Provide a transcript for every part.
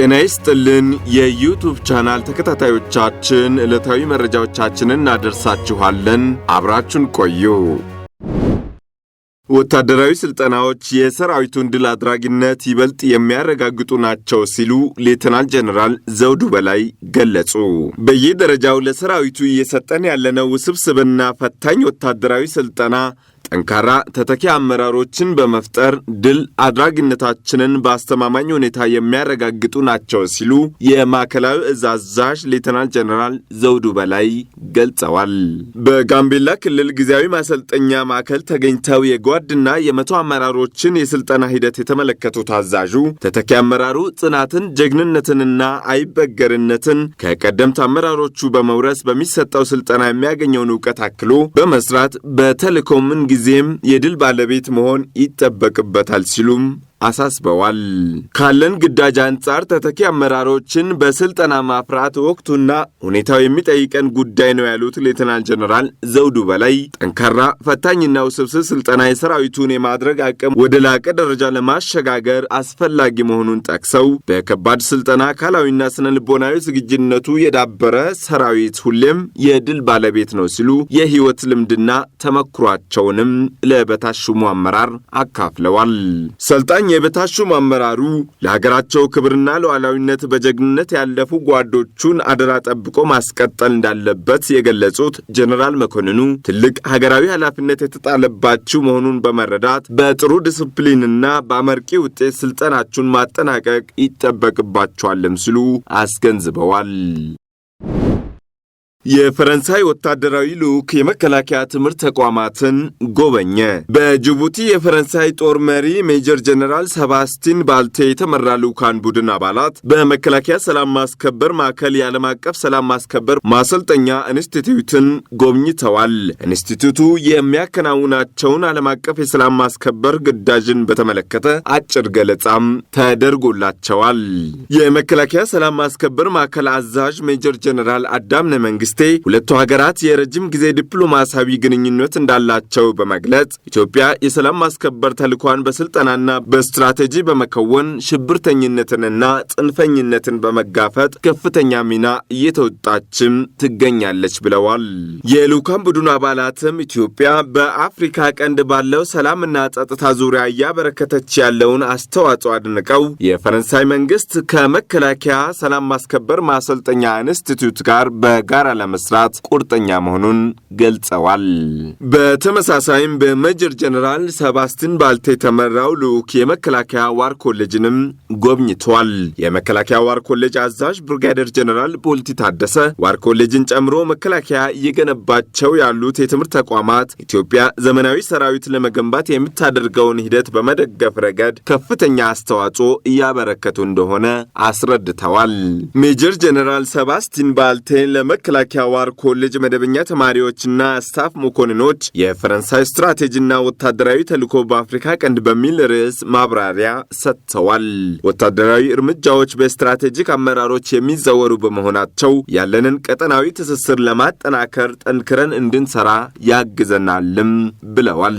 ጤና ይስጥልን የዩቱብ ቻናል ተከታታዮቻችን ዕለታዊ መረጃዎቻችንን እናደርሳችኋለን። አብራችሁን ቆዩ። ወታደራዊ ስልጠናዎች የሰራዊቱን ድል አድራጊነት ይበልጥ የሚያረጋግጡ ናቸው ሲሉ ሌተናንት ጀኔራል ዘውዱ በላይ ገለጹ። በየደረጃው ለሰራዊቱ እየሰጠን ያለነው ውስብስብና ፈታኝ ወታደራዊ ስልጠና ጠንካራ ተተኪ አመራሮችን በመፍጠር ድል አድራጊነታችንን በአስተማማኝ ሁኔታ የሚያረጋግጡ ናቸው ሲሉ የማዕከላዊ እዝ አዛዥ ሌተናል ጀነራል ዘውዱ በላይ ገልጸዋል። በጋምቤላ ክልል ጊዜያዊ ማሰልጠኛ ማዕከል ተገኝተው የጓድና የመቶ አመራሮችን የስልጠና ሂደት የተመለከቱት አዛዡ ተተኪ አመራሩ ጽናትን፣ ጀግንነትንና አይበገርነትን ከቀደምት አመራሮቹ በመውረስ በሚሰጠው ስልጠና የሚያገኘውን እውቀት አክሎ በመስራት በተልእኮ ምን ጊዜም የድል ባለቤት መሆን ይጠበቅበታል ሲሉም አሳስበዋል። ካለን ግዳጅ አንጻር ተተኪ አመራሮችን በስልጠና ማፍራት ወቅቱና ሁኔታው የሚጠይቀን ጉዳይ ነው ያሉት ሌተናል ጀነራል ዘውዱ በላይ ጠንካራ ፈታኝና ውስብስብ ስልጠና የሰራዊቱን የማድረግ አቅም ወደ ላቀ ደረጃ ለማሸጋገር አስፈላጊ መሆኑን ጠቅሰው በከባድ ስልጠና አካላዊና ስነ ልቦናዊ ዝግጅነቱ የዳበረ ሰራዊት ሁሌም የድል ባለቤት ነው ሲሉ የህይወት ልምድና ተመክሯቸውንም ለበታች አመራር አካፍለዋል። ሰልጣኝ ከፍተኛ የበታች ሹም አመራሩ ለሀገራቸው ክብርና ለዋላዊነት በጀግንነት ያለፉ ጓዶቹን አደራ ጠብቆ ማስቀጠል እንዳለበት የገለጹት ጀኔራል መኮንኑ ትልቅ ሀገራዊ ኃላፊነት የተጣለባችሁ መሆኑን በመረዳት በጥሩ ዲስፕሊንና በአመርቂ ውጤት ስልጠናችሁን ማጠናቀቅ ይጠበቅባቸዋልም ሲሉ አስገንዝበዋል። የፈረንሳይ ወታደራዊ ልዑክ የመከላከያ ትምህርት ተቋማትን ጎበኘ። በጅቡቲ የፈረንሳይ ጦር መሪ ሜጀር ጀነራል ሰባስቲን ባልቴ የተመራ ልዑካን ቡድን አባላት በመከላከያ ሰላም ማስከበር ማዕከል የዓለም አቀፍ ሰላም ማስከበር ማሰልጠኛ ኢንስቲትዩትን ጎብኝተዋል። ኢንስቲትዩቱ የሚያከናውናቸውን ዓለም አቀፍ የሰላም ማስከበር ግዳጅን በተመለከተ አጭር ገለጻም ተደርጎላቸዋል። የመከላከያ ሰላም ማስከበር ማዕከል አዛዥ ሜጀር ጀነራል አዳምነ መንግስት መንግስቴ ሁለቱ ሀገራት የረጅም ጊዜ ዲፕሎማሲያዊ ግንኙነት እንዳላቸው በመግለጽ ኢትዮጵያ የሰላም ማስከበር ተልኳን በስልጠናና በስትራቴጂ በመከወን ሽብርተኝነትንና ጽንፈኝነትን በመጋፈጥ ከፍተኛ ሚና እየተወጣችም ትገኛለች ብለዋል። የልዑካን ቡድኑ አባላትም ኢትዮጵያ በአፍሪካ ቀንድ ባለው ሰላምና ጸጥታ ዙሪያ እያበረከተች ያለውን አስተዋጽኦ አድንቀው የፈረንሳይ መንግስት ከመከላከያ ሰላም ማስከበር ማሰልጠኛ ኢንስቲትዩት ጋር በጋራ ለመስራት ቁርጠኛ መሆኑን ገልጸዋል። በተመሳሳይም በመጀር ጀነራል ሰባስትን ባልቴ የተመራው ልዑክ የመከላከያ ዋር ኮሌጅንም ጎብኝቷል። የመከላከያ ዋር ኮሌጅ አዛዥ ብርጋዴር ጀነራል ቦልቲ ታደሰ ዋር ኮሌጅን ጨምሮ መከላከያ እየገነባቸው ያሉት የትምህርት ተቋማት ኢትዮጵያ ዘመናዊ ሰራዊት ለመገንባት የምታደርገውን ሂደት በመደገፍ ረገድ ከፍተኛ አስተዋጽኦ እያበረከቱ እንደሆነ አስረድተዋል። ሜጀር ጀነራል ሰባስቲን ባልቴን ለመከላከያ ዋር ኮሌጅ መደበኛ ተማሪዎችና ስታፍ መኮንኖች የፈረንሳይ ስትራቴጂና ወታደራዊ ተልዕኮ በአፍሪካ ቀንድ በሚል ርዕስ ማብራሪያ ሰጥተዋል። ወታደራዊ እርምጃዎች በስትራቴጂክ አመራሮች የሚዘወሩ በመሆናቸው ያለንን ቀጠናዊ ትስስር ለማጠናከር ጠንክረን እንድንሰራ ያግዘናልም ብለዋል።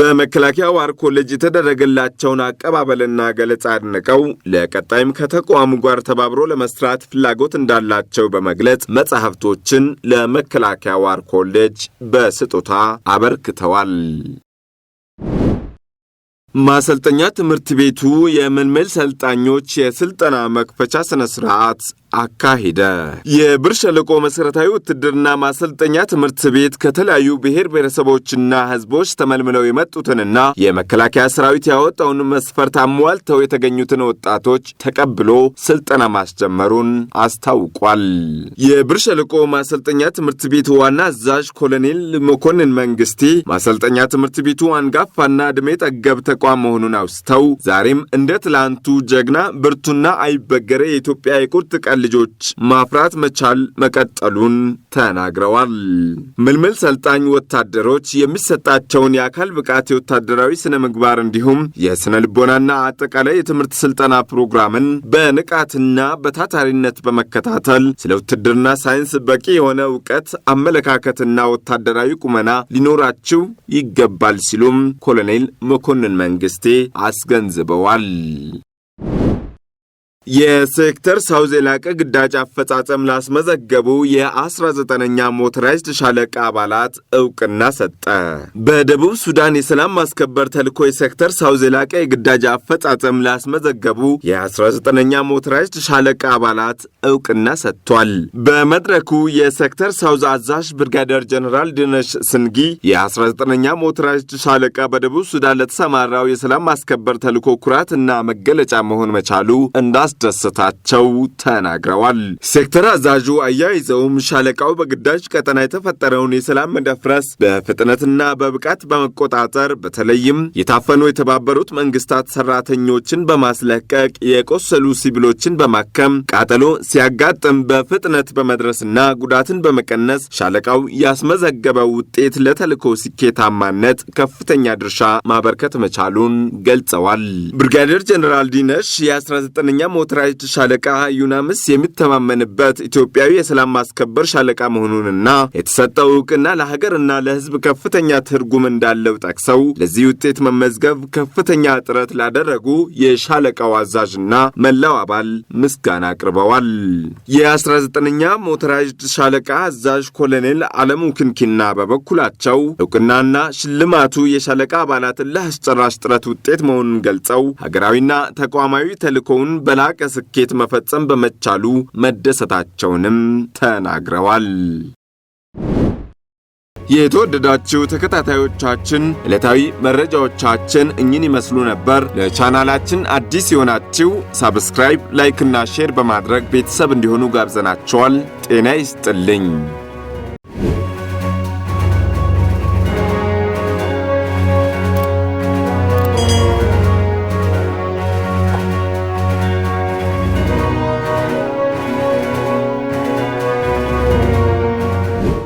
በመከላከያ ዋር ኮሌጅ የተደረገላቸውን አቀባበልና ገለጻ አድንቀው ለቀጣይም ከተቋሙ ጋር ተባብሮ ለመስራት ፍላጎት እንዳላቸው በመግለጽ መጽሐፍቶችን ለመከላከያ ዋር ኮሌጅ በስጦታ አበርክተዋል። ማሰልጠኛ ትምህርት ቤቱ የመልመል ሰልጣኞች የስልጠና መክፈቻ ስነ ስርዓት አካሂደ። የብር ሸለቆ መሠረታዊ ውትድርና ማሰልጠኛ ትምህርት ቤት ከተለያዩ ብሔር ብሔረሰቦችና ሕዝቦች ተመልምለው የመጡትንና የመከላከያ ሰራዊት ያወጣውን መስፈርት አሟልተው የተገኙትን ወጣቶች ተቀብሎ ስልጠና ማስጀመሩን አስታውቋል። የብር ሸለቆ ማሰልጠኛ ትምህርት ቤት ዋና አዛዥ ኮሎኔል መኮንን መንግስቴ ማሰልጠኛ ትምህርት ቤቱ አንጋፋና ዕድሜ ጠገብ ተቋም መሆኑን አውስተው ዛሬም እንደ ትላንቱ ጀግና ብርቱና አይበገረ የኢትዮጵያ የቁርጥ ቀን ልጆች ማፍራት መቻል መቀጠሉን ተናግረዋል። ምልምል ሰልጣኝ ወታደሮች የሚሰጣቸውን የአካል ብቃት የወታደራዊ ስነ ምግባር እንዲሁም የስነ ልቦናና አጠቃላይ የትምህርት ስልጠና ፕሮግራምን በንቃትና በታታሪነት በመከታተል ስለ ውትድርና ሳይንስ በቂ የሆነ እውቀት፣ አመለካከትና ወታደራዊ ቁመና ሊኖራችሁ ይገባል ሲሉም ኮሎኔል መኮንን መንግስቴ አስገንዝበዋል። የሴክተር ሳውዝ የላቀ ግዳጅ አፈጻጸም ላስመዘገቡ የ19ኛ ሞተራይዝድ ሻለቃ አባላት እውቅና ሰጠ። በደቡብ ሱዳን የሰላም ማስከበር ተልኮ የሴክተር ሳውዝ የላቀ የግዳጅ አፈጻጸም ላስመዘገቡ የ19ኛ ሞተራይዝድ ሻለቃ አባላት እውቅና ሰጥቷል። በመድረኩ የሴክተር ሳውዝ አዛዥ ብርጋዴር ጀኔራል ድነሽ ስንጊ የ19ኛ ሞተራይዝድ ሻለቃ በደቡብ ሱዳን ለተሰማራው የሰላም ማስከበር ተልዕኮ ኩራትና መገለጫ መሆን መቻሉ እንዳ እንዳስደሰታቸው ተናግረዋል። ሴክተር አዛዡ አያይዘውም ሻለቃው በግዳጅ ቀጠና የተፈጠረውን የሰላም መደፍረስ በፍጥነትና በብቃት በመቆጣጠር በተለይም የታፈኑ የተባበሩት መንግስታት ሰራተኞችን በማስለቀቅ የቆሰሉ ሲቪሎችን በማከም ቃጠሎ ሲያጋጥም በፍጥነት በመድረስና ጉዳትን በመቀነስ ሻለቃው ያስመዘገበው ውጤት ለተልዕኮ ስኬታማነት ከፍተኛ ድርሻ ማበርከት መቻሉን ገልጸዋል። ብርጋዴር ጀኔራል ዲነሽ የ19ኛ ሞተራይዝድ ሻለቃ ዩናምስ የሚተማመንበት ኢትዮጵያዊ የሰላም ማስከበር ሻለቃ መሆኑንና የተሰጠው እውቅና ለሀገርና ለሕዝብ ከፍተኛ ትርጉም እንዳለው ጠቅሰው ለዚህ ውጤት መመዝገብ ከፍተኛ ጥረት ላደረጉ የሻለቃው አዛዥና መላው አባል ምስጋና አቅርበዋል። የ19ኛ ሞተራይዝድ ሻለቃ አዛዥ ኮሎኔል አለሙ ክንኪና በበኩላቸው እውቅናና ሽልማቱ የሻለቃ አባላትን ለአስጨራሽ ጥረት ውጤት መሆኑን ገልጸው ሀገራዊና ተቋማዊ ተልእኮውን በላ የላቀ ስኬት መፈጸም በመቻሉ መደሰታቸውንም ተናግረዋል። የተወደዳችሁ ተከታታዮቻችን ዕለታዊ መረጃዎቻችን እኚህን ይመስሉ ነበር። ለቻናላችን አዲስ የሆናችሁ ሳብስክራይብ፣ ላይክና ሼር በማድረግ ቤተሰብ እንዲሆኑ ጋብዘናቸዋል። ጤና ይስጥልኝ።